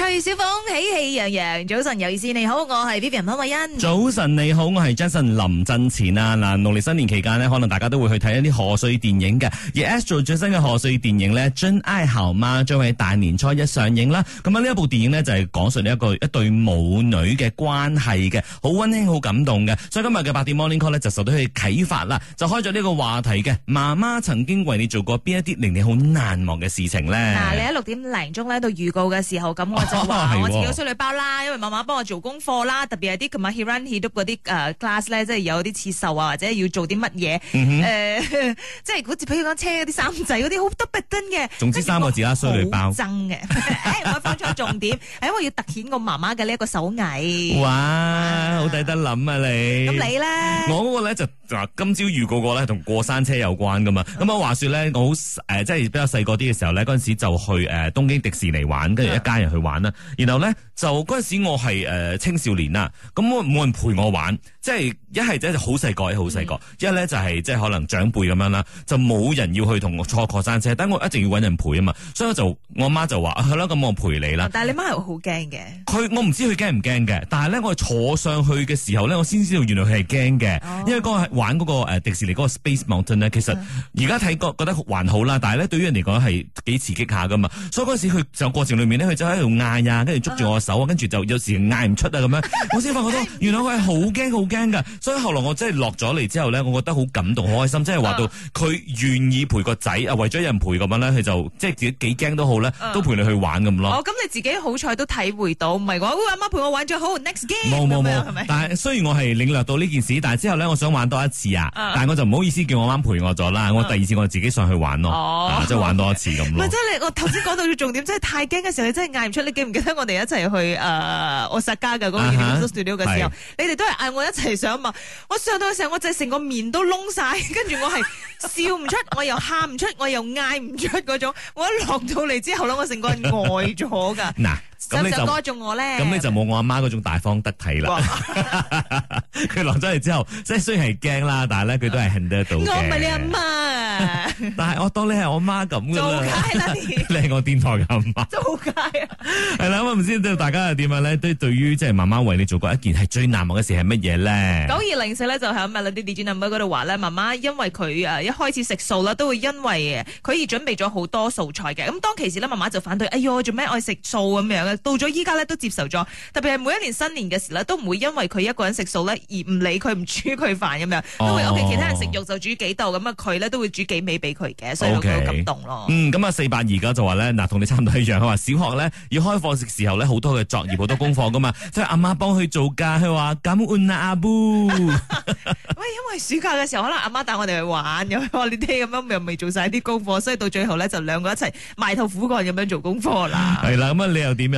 徐小鳳喜氣洋洋，早晨有意思，你好，我係 Vivian 潘柏恩。早晨你好，我係 Jason 林振前啊！嗱，農曆新年期間呢，可能大家都會去睇一啲賀歲電影嘅。而 Astro 最新嘅賀歲電影咧， 《真愛後媽》將會喺大年初一上映啦。咁啊，呢一部電影呢，就係講述呢一個一對母女嘅關係嘅，好温馨、好感動嘅。所以今日嘅八點 Morning Call 呢，就受到佢啟發啦，就開咗呢個話題嘅。媽媽曾經為你做過邊一啲令你好難忘嘅事情呢？嗱、嗯，你喺六點零鐘呢到預告嘅時候咁我、啊。就話我自己有衰女包啦，因為媽媽幫我做功課啦，特別係啲同埋 hair run hair do 嗰啲誒 class 咧，即係有啲刺繡啊，或者要做啲乜嘢誒，即係好似譬如講車嗰啲衫仔嗰啲好 double done 嘅。總之三個字啦，衰女包爭嘅。誒，我放錯重點，係因為要突顯我媽媽嘅呢一個手藝。哇，好抵得諗啊你！咁你咧？我嗰個咧就。今朝遇嗰個咧，同過山車有關噶嘛？咁啊、嗯、話說咧，我好誒、呃，即係比較細個啲嘅時候咧，嗰陣時就去誒、呃、東京迪士尼玩，跟住一家人去玩啦。然後咧，就嗰陣時我係誒、呃、青少年啦，咁冇人陪我玩，即係一係就好細個，一係好細個。一咧、嗯、就係、是、即係可能長輩咁樣啦，就冇人要去同我坐過山車，等我一定要搵人陪啊嘛。所以我就我媽就話：，係、啊、啦，咁、嗯、我陪你啦。但你媽係好驚嘅。佢我唔知佢驚唔驚嘅，但係咧我係坐上去嘅時候咧，我先知道原來佢係驚嘅，因為嗰個係玩嗰個迪士尼嗰個 Space Mountain 咧，其實而家睇覺覺得還好啦，但係咧對於人嚟講係幾刺激下噶嘛，所以嗰陣時佢就過程就裡面咧，佢就喺度嗌啊，跟住捉住我手啊，跟住就有時嗌唔出啊咁樣，我先發覺到原來佢係好驚好驚噶，所以後來我真係落咗嚟之後咧，我覺得好感動，好開心，即係話到佢願意陪個仔啊，為咗人陪咁樣咧，佢就即係自己幾驚都好咧，都陪你去玩咁咯。嗯、哦，咁你自己好彩都體會到，唔係話阿媽陪我玩咗好，next game 咁樣，係咪？但係雖然我係領略到呢件事，但係之後咧，我想玩到，次啊，但係我就唔好意思叫我媽陪我咗啦，我第二次我自己上去玩咯，即係、啊啊就是、玩多一次咁咯。即係、啊、你，我頭先講到嘅重點， 即係太驚嘅時候，你真係嗌唔出。你記唔記得我哋一齊去誒，大阪嘅嗰個《伊甸園》studio 嘅時候，啊、你哋都係嗌我一齊上嘛？我上到嘅時候，我就成個面都窿晒，跟住我係笑唔出，我又喊唔出，我又嗌唔出嗰種。我一落到嚟之後我成個人呆咗噶。嗱、啊。咁你就多咗我咧，咁你就冇我阿媽嗰種大方得體啦。佢落咗嚟之後，即係雖然係驚啦，但係咧佢都係 handle 得到，我唔係你阿媽， 但係我當你係我媽咁噶啦。做街嗱你， 你係我電台阿媽。做街啊，係啦，咁啊唔知對大家係點樣咧？對對於即係媽媽為你做過一件係最難忘嘅事係乜嘢咧？九二零四咧就喺咩嗰啲 editor 唔喺嗰度話咧，媽媽因為佢啊一開始食素啦，都會因為佢而準備咗好多素菜嘅。咁當其時咧，媽媽就反對，哎喲做咩愛食素咁樣。到咗依家咧都接受咗，特別係每一年新年嘅時咧，都唔會因為佢一個人食素咧而唔理佢唔煮佢飯咁樣，哦、都會屋企其他人食肉就煮幾度咁啊佢咧都會煮幾味俾佢嘅，所以好感動咯。Okay. 嗯，咁啊四八而家就話咧嗱，同你差唔多一樣，佢話小學咧要開課嘅時候咧，好多嘅作業好多功課噶嘛， 所以阿媽幫佢做噶，佢話咁阿阿布，喂， 因為暑假嘅時候可能阿媽帶我哋去玩咁，我呢啲咁樣又未做晒啲功課，所以到最後咧就兩個一齊埋頭苦幹咁樣做功課啦。係啦， 咁你又點啊？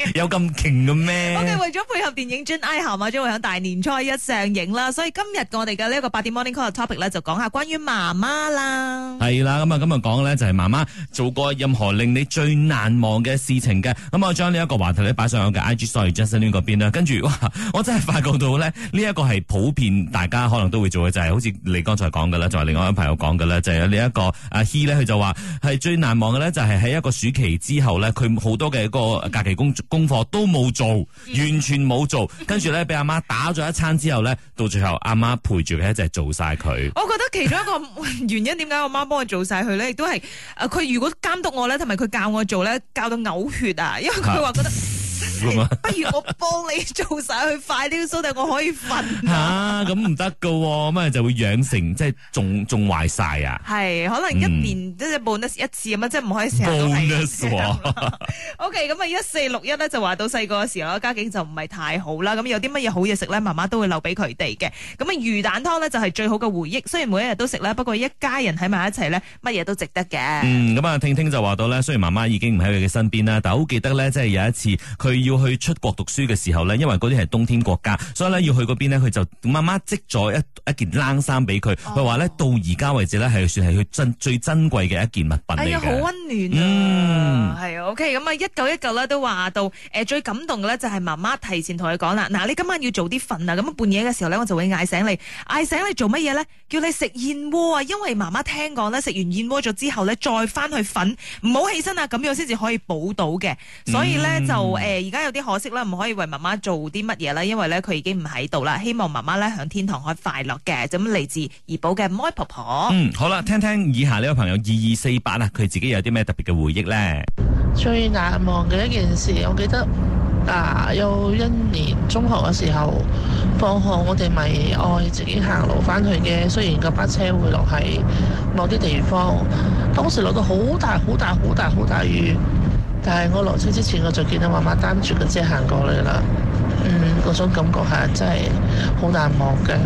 有咁勁嘅咩？我哋為咗配合電影《Jane Eyre》嘛，將會喺大年初一上映啦。所以今日我哋嘅呢一個八點 Morning Call 嘅 topic 咧，就講下關於媽媽啦。係啦，咁啊，咁啊，講咧就係媽媽做過任何令你最難忘嘅事情嘅。咁我將呢一個話題咧擺上我嘅 IG，Story Justin 嗰邊啦。跟住，哇，我真係發覺到咧，呢一個係普遍大家可能都會做嘅，就係、是、好似你剛才講嘅啦，就係、是、另外一位朋友講嘅啦就係呢一個阿 He 呢，佢就話係最難忘嘅咧，就係喺一個暑期之後咧，佢好多嘅一個假期工作。功課都冇做，完全冇做，跟住咧俾阿媽打咗一餐之後咧，到最後阿媽陪住佢一齊做晒佢。我覺得其中一個原因點解我媽幫我做晒佢咧，亦都係誒，佢如果監督我咧，同埋佢教我做咧，教到嘔血啊，因為佢話覺得。 不如我幫你做晒 去快啲梳，定我可以瞓吓？咁唔得噶，咁啊就會養成即係仲仲壞晒啊！係可能一年即係半一次咁啊，即係唔可以成日都係。喎哇。OK，咁啊一四六一咧就話到細個嗰時候家境就唔係太好啦。咁有啲乜嘢好嘢食咧，媽媽都會留俾佢哋嘅。咁啊魚蛋湯咧就係、是、最好嘅回憶。雖然每一日都食啦，不過一家人喺埋一齊咧，乜嘢都值得嘅。嗯，咁啊聽聽就話到咧，雖然媽媽已經唔喺佢嘅身邊啦，但好記得咧，即係有一次佢要去出國讀書嘅時候呢，因為嗰啲係冬天國家，所以呢，要去嗰邊呢，佢就媽媽織咗一一件冷衫俾佢。佢話呢，到而家為止呢，係算係佢珍最珍貴嘅一件物品嚟啊，好、哎、溫暖啊！嗯，係啊。O K，咁啊，一九一九咧都話到，誒、呃，最感動嘅呢，就係媽媽提前同佢講啦。嗱、啊，你今晚要早啲瞓啊，咁半夜嘅時候呢，我就會嗌醒你，嗌醒你做乜嘢呢？叫你食燕窩啊，因為媽媽聽講呢，食完燕窩咗之後呢，再翻去瞓，唔好起身啊，咁樣先至可以補到嘅。所以呢，嗯、就誒而家。呃 有啲可惜啦，唔可以為媽媽做啲乜嘢啦，因為咧，佢已經唔喺度啦。希望媽媽咧響天堂可以快樂嘅。就咁嚟自怡寶嘅妹婆婆，嗯，好啦，聽聽以下呢位朋友二二四八啊，佢自己有啲咩特別嘅回憶呢？最難忘嘅一件事，我記得啊，有一年中學嘅時候放學，我哋咪愛自己行路翻去嘅。雖然嗰班車會落喺某啲地方，當時落到好大、好大、好大、好大雨。但係我落車之前，我就見到媽媽擔住架車行過嚟啦。嗯，嗰種感覺係真係好難忘嘅，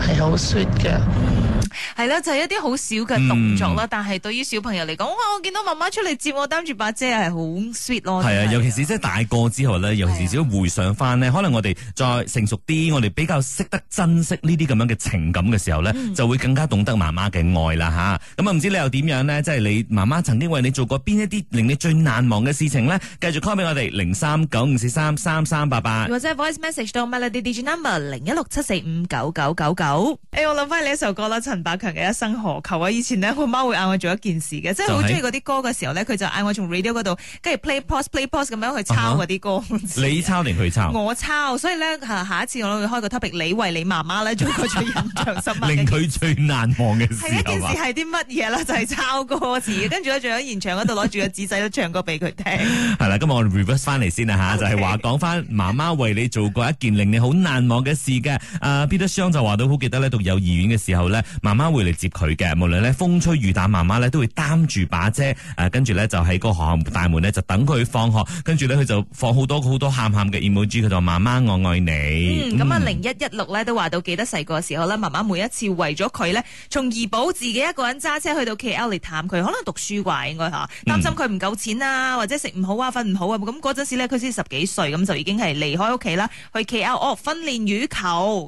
係好 sweet 嘅。係啦，就係一啲好少嘅動作啦，但係對於小朋友嚟講，哇，我見到媽媽出嚟接我，擔住把遮係好 sweet 咯。係啊，尤其是即係大個之後咧，尤其是要回想翻呢，可能我哋再成熟啲，我哋比較識得珍惜呢啲咁樣嘅情感嘅時候咧，就會更加懂得媽媽嘅愛啦吓。咁啊，唔知你又點樣呢？即係你媽媽曾經為你做過邊一啲令你最難忘嘅事情呢？繼續 call 俾我哋零三九五四三三三八八，或者 voice message 到 digital number 零一六七四五九九九九。誒，我諗翻你一首歌啦，陳。阿強嘅一生何求啊！以前咧，我媽會嗌我做一件事嘅，就是、即係好中意嗰啲歌嘅時候咧，佢就嗌我從 radio 嗰度跟住 play pause play pause 咁樣去抄嗰啲歌。Uh huh. 你抄定佢抄？我抄，所以咧、啊、下一次我都會開個 topic，你為你媽媽咧做過最印象深，令佢最難忘嘅事，一件事，係啲乜嘢啦？就係、是、抄歌詞， 跟住咧仲喺現場嗰度攞住個紙仔都唱歌俾佢聽。係啦， 今日我 reverse 翻嚟先啦、啊、吓，Okay. 就係話講翻媽媽為你做過一件令你好難忘嘅事嘅。阿 B B 雙就話到好記得咧，讀幼兒園嘅時候咧。媽媽會嚟接佢嘅，無論咧風吹雨打，媽媽咧都會擔住把遮，誒、呃、跟住咧就喺個學校大門咧就等佢放學，跟住咧佢就放好多好多喊喊嘅 emoji，佢就話媽媽我愛你。咁啊零一一六咧都話到記得細個時候咧，媽媽、嗯、每一次為咗佢咧，從怡保自己一個人揸車去到 K L 嚟探佢，可能讀書啩應該吓，擔心佢唔夠錢啊，或者食唔好啊，瞓唔好啊，咁嗰陣時咧佢先十幾歲，咁就已經係離開屋企啦，去 K L 哦訓練羽球，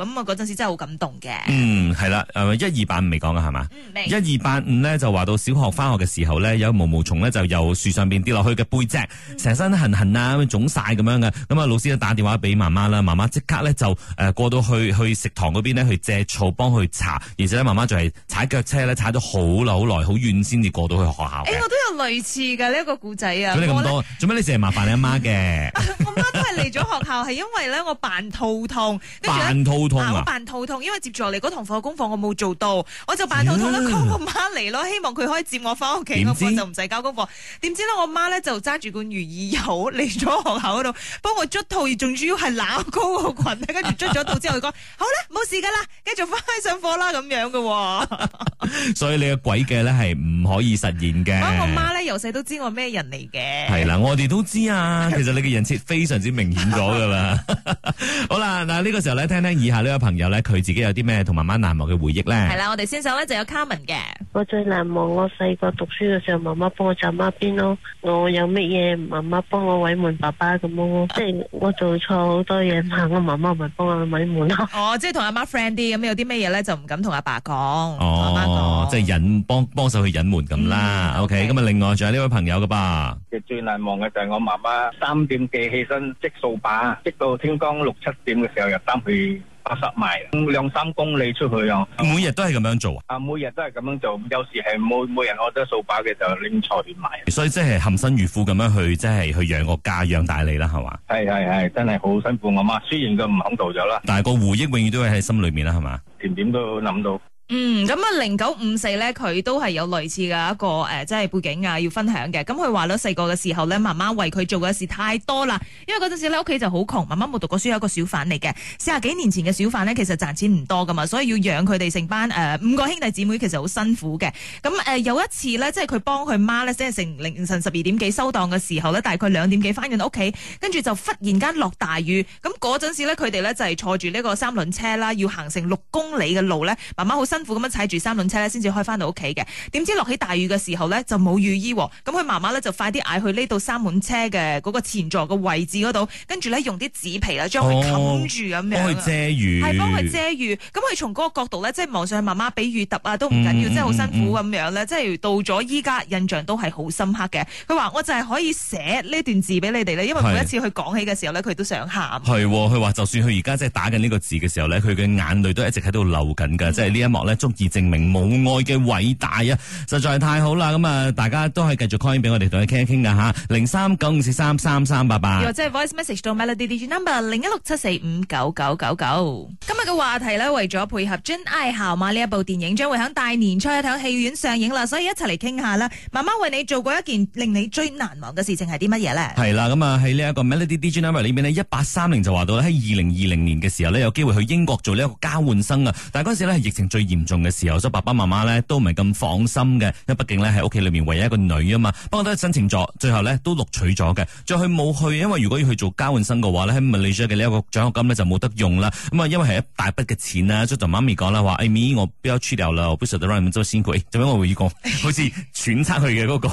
咁啊嗰陣時真係好感動嘅。嗯，係啦，一、呃、二。1, 2, 未講啊，係嘛？一二八五咧就話到小學翻學嘅時候咧，有毛毛蟲咧就由樹上邊跌落去嘅背脊，成身痕痕啊，腫晒咁樣嘅。咁啊，老師咧打電話俾媽媽啦，媽媽即刻咧就誒、呃、過到去去食堂嗰邊咧去借醋幫佢搽。而且呢，媽媽就係踩腳車咧踩咗好耐好耐好遠先至過到去學校。誒，我都有類似嘅呢一個故仔啊！咁你咁多？做咩你成日麻煩你阿媽嘅？我媽都係嚟咗學校，係因為咧我扮肚痛，扮肚痛扮、啊啊、肚痛，因為接住我嚟嗰堂課功課我冇做到。我就扮肚痛啦，call 我媽嚟，咯，希望佢可以接我翻屋企，我課就唔使交功課。點知咧，我媽咧就揸住罐如意油嚟咗學校嗰度，幫我捽肚。而仲主要係攋高個裙，跟住捽咗肚之後，佢講： 好啦，冇事噶啦，繼續翻去上課啦。咁樣嘅。哦， 所以你嘅鬼計咧係唔可以實現嘅。 我阿媽咧由細都知我咩人嚟嘅。係啦，我哋都知啊。其實你嘅人設非常之明顯咗噶啦。 好啦，嗱呢個時候咧，聽聽以下呢個朋友咧，佢自己有啲咩同媽媽難忘嘅回憶咧？係啦、嗯。我哋先手咧就有卡文嘅。我最難忘我細個讀書嘅時候，媽媽幫我站媽邊咯。我有乜嘢，媽媽幫我委婉爸爸咁咯。即係我做錯好多嘢嘛，我媽媽咪幫我委婉咯。啊、哦，即係同阿媽 friend 啲，咁有啲咩嘢咧就唔敢同阿爸講，哦，同媽媽講。即係隱幫幫手去隱瞞咁啦。嗯、OK，咁啊，另外仲有呢位朋友噶吧。最難忘嘅就係我媽媽三點幾起身織掃把，織到天光六七點嘅時候入擔去。八十米，兩三公里出去啊！每日都係咁樣做啊！每日都係咁樣做，有時係每每人攞咗掃把嘅就拎菜去賣。所以即係含辛茹苦咁樣去，即係去養個家，養大你啦，係嘛？係係係，真係好辛苦我媽。雖然佢唔肯做咗啦，但係個回憶永遠都係喺心裏面啦，係嘛？點點都諗到。嗯，咁啊，零九五四咧，佢都係有類似嘅一個誒，即、呃、係背景啊，要分享嘅。咁佢話咧細個嘅時候咧，媽媽為佢做嘅事太多啦，因為嗰陣時咧，屋企就好窮，媽媽冇讀過書，係一個小販嚟嘅。四十幾年前嘅小販咧，其實賺錢唔多噶嘛，所以要養佢哋成班誒五個兄弟姊妹，其實好辛苦嘅。咁、嗯、誒、呃、有一次呢，即係佢幫佢媽呢，即係凌晨十二點幾收檔嘅時候呢，大概兩點幾翻緊屋企，跟住就忽然間落大雨，咁嗰陣時咧，佢哋呢，就係、是、坐住呢個三輪車啦，要行成六公里嘅路呢。媽媽好辛。辛苦咁樣踩住三輪車咧，先至開翻到屋企嘅。點知落起大雨嘅時候咧，就冇雨衣。咁佢媽媽咧就快啲嗌，去呢度三輪車嘅嗰個前座嘅位置嗰度，跟住咧用啲紙皮啦將佢冚住咁樣。幫佢遮雨，係幫佢遮雨。咁佢從嗰個角度咧，即係望上去媽媽俾雨揼啊，都唔緊要，即係好辛苦咁、嗯、樣咧。即、就、係、是、到咗依家，印象都係好深刻嘅。佢話我就係可以寫呢段字俾你哋咧，因為每一次佢講起嘅時候咧，佢是都想喊。係、哦，佢話就算佢而家即係打緊呢個字嘅時候咧，佢嘅眼淚都一直喺度流緊嘅，嗯、即係呢一幕。足以證明母愛嘅偉大啊！實在係太好啦！咁啊，大家都係繼續 call 俾我哋同佢傾一傾㗎吓，零三九五四三三三八八，又或者 voice message 到 melody DJ number 零一六七四五九九九九。嘅話題咧，為咗配合《真愛校碼》呢一部電影，將會喺大年初一喺戲院上映啦，所以一齊嚟傾下啦。媽媽為你做過一件令你最難忘嘅事情係啲乜嘢咧？係啦，咁啊喺呢一個《Melody D J Number》裏面呢，一八三零就話到咧喺二零二零年嘅時候呢，有機會去英國做呢一個交換生啊。但係嗰陣時咧係疫情最嚴重嘅時候，所以爸爸媽媽呢，都唔係咁放心嘅，因為畢竟呢，喺屋企裏面唯一一個女啊嘛。不過都係申請咗，最後呢，都錄取咗嘅。再去冇去，因為如果要去做交換生嘅話呢，喺 Malaysia 嘅呢一個獎學金呢，就冇得用啦。咁啊，因為係一。大筆嘅錢啦，所以同媽咪講啦，話 Amy 我比較出掉啦，我不捨得讓你們做先佢，就、欸、咩我會講，好似揣測佢嘅嗰個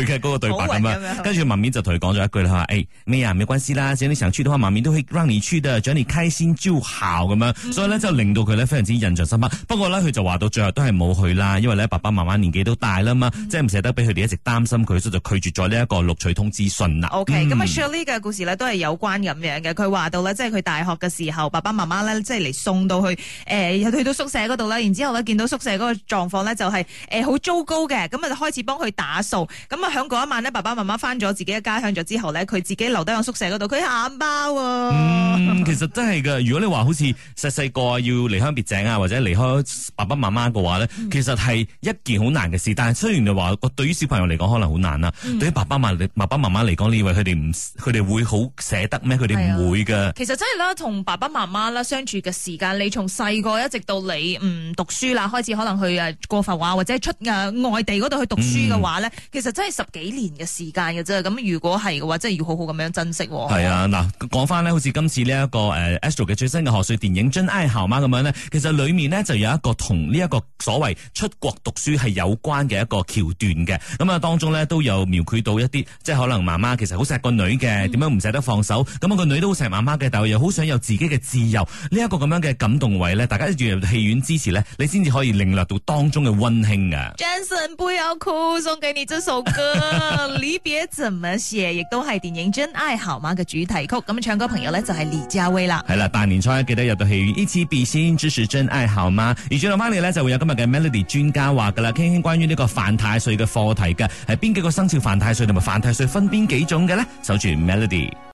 佢嘅個對白咁樣，跟住媽咪就同佢講咗一句、欸、啦，話誒咩啊，冇關係啦，只要你想去嘅話，媽咪都會讓你去的，想你開心就好咁樣，嗯、所以咧就令到佢咧非常之印象深刻。不過咧佢就話到最後都係冇去啦，因為咧爸爸媽媽年紀都大啦嘛，嗯、即係唔捨得俾佢哋一直擔心佢，所以就拒絕咗呢一個錄取通知信啦。OK，咁啊、嗯、Shelley 嘅故事咧都係有關咁樣嘅，佢話到咧即係佢大學嘅時候，爸爸媽媽咧即係嚟。就是送到去，誒、欸，去到，到宿舍嗰度啦，然之後咧見到宿舍嗰個狀況咧，就係誒好糟糕嘅，咁啊就開始幫佢打掃，咁啊響嗰一晚咧，爸爸媽媽翻咗自己嘅家鄉咗之後咧，佢自己留低喺宿舍嗰度，佢眼包啊，其實真係嘅。如果你話好似細細個啊要離鄉別井啊，或者離開爸爸媽媽嘅話咧，其實係一件好難嘅事。但係雖然就話對於小朋友嚟講可能好難啦，對於爸爸媽爸爸媽媽嚟講，你以為佢哋唔，佢哋會好捨得咩？佢哋唔會嘅。其實真係啦同爸爸媽媽啦相處嘅事。而家你從細個一直到你唔讀書啦，開始可能去誒過佛話或者出外地嗰度去讀書嘅話呢、嗯、其實真係十幾年嘅時間嘅啫。咁如果係嘅話，真係要好好咁樣珍惜。係、嗯、吧啊，嗱，講翻咧，好似今次呢、這、一個誒、啊、Astro 嘅最新嘅賀歲電影《真愛後媽》咁、hmm. 樣呢，其實裏面呢就有一個同呢一個所謂出國讀書係有關嘅一個橋段嘅。咁啊，當中呢都有描繪到一啲，即係可能媽媽其實好錫個女嘅，點樣唔捨得放手。咁啊、嗯，個女都好錫媽媽嘅，但係又好想有自己嘅自由。呢、這、一個咁樣。嘅感動位咧，大家一進入戲院支持咧，你先至可以領略到當中嘅溫馨啊！Jason，不要哭，送給你這首歌。離別 怎麼寫？亦都係電影《真愛好嗎》嘅主題曲。咁唱歌朋友咧就係、是、李佳薇啦。係啦，大年初一記得入到戲院，一次比心，支持《真愛好嗎》。而轉頭翻嚟咧，就會有今日嘅 Melody 專家話噶啦，傾傾關於呢個犯太歲嘅課題嘅，係邊幾個生肖犯太歲，同埋犯太歲分邊幾種嘅咧？守住 Melody。